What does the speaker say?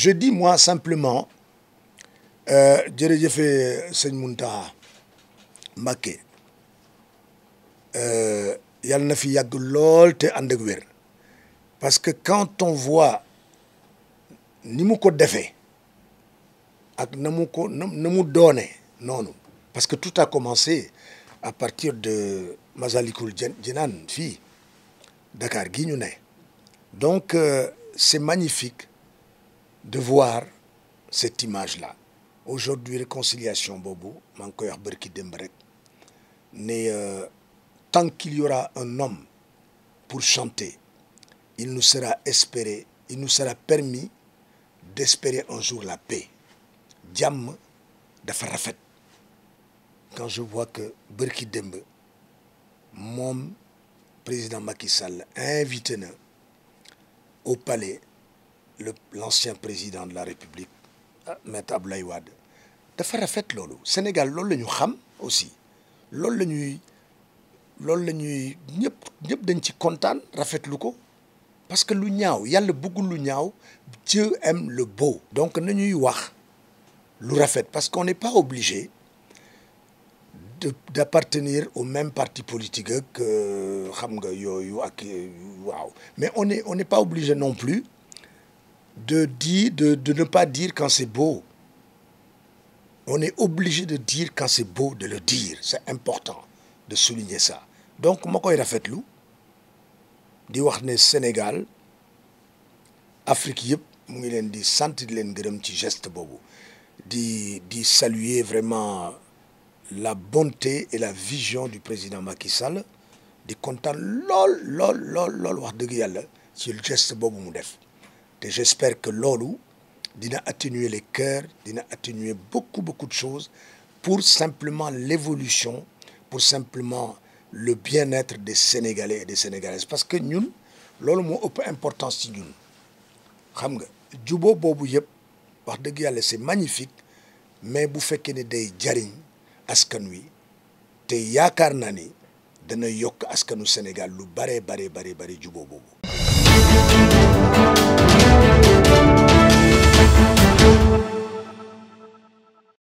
je dis moi simplement euh, jërëjëfe j'ai fait Mbakke euh, yàlla na fi a lool te andeguer, parce que quand on voit ni mu ko defee ak parce que tout a commencé à partir de Masalikul Djinan, fille, Dakar gii ne donc euh, c'est magnifique de voir cette image-là. Aujourd'hui, réconciliation Bobo, Mankoyar Berki Dembrek, euh, tant qu'il y aura un homme pour chanter, il nous sera espéré, il nous sera permis d'espérer un jour la paix. Diam Farafet. Quand je vois que Berki Dembe, mon président Macky Sall, a au palais l'ancien président de la république ah, maître de Wade la rafet loolu Sénégal Lolo, la ñu xam aussi Lolo la ñuy loolu la ñuy ñëpp ñëpp dañ ci rafet ko parce que lu ñaaw yalla bëggul lu ñaaw Dieu aime le beau. donc nañuy wax lu rafet parce qu'on n'est pas obligé d'appartenir au même parti politique que xam nga yoyu ak waaw mais on est on n'est pas obligé non plus de, de, ne pas dire quand c'est beau. On est obligé de dire quand c'est beau, de le dire. C'est important de souligner ça. Donc, moi, quand rafetlu di wax ne Sénégal Afrique le Sénégal, di geste saluer vraiment la bonté et la vision du président Macky Sall de content lol lol lol lol geste et j'espère que l'Olu dina atténuer les cœurs dina atténuer beaucoup beaucoup de choses pour simplement l'évolution pour simplement le bien-être des Sénégalais et des Sénégalaises parce que nous, l'Olu, moo ëpp importance ci ñun xam nga juboo boobu yëpp wax dëgg yàlla c'est magnifique mais bu ce ne day jariñ askan wi te yaakaar à ni dana yok askanu Sénégal lu bare bare bare bare djubo boobu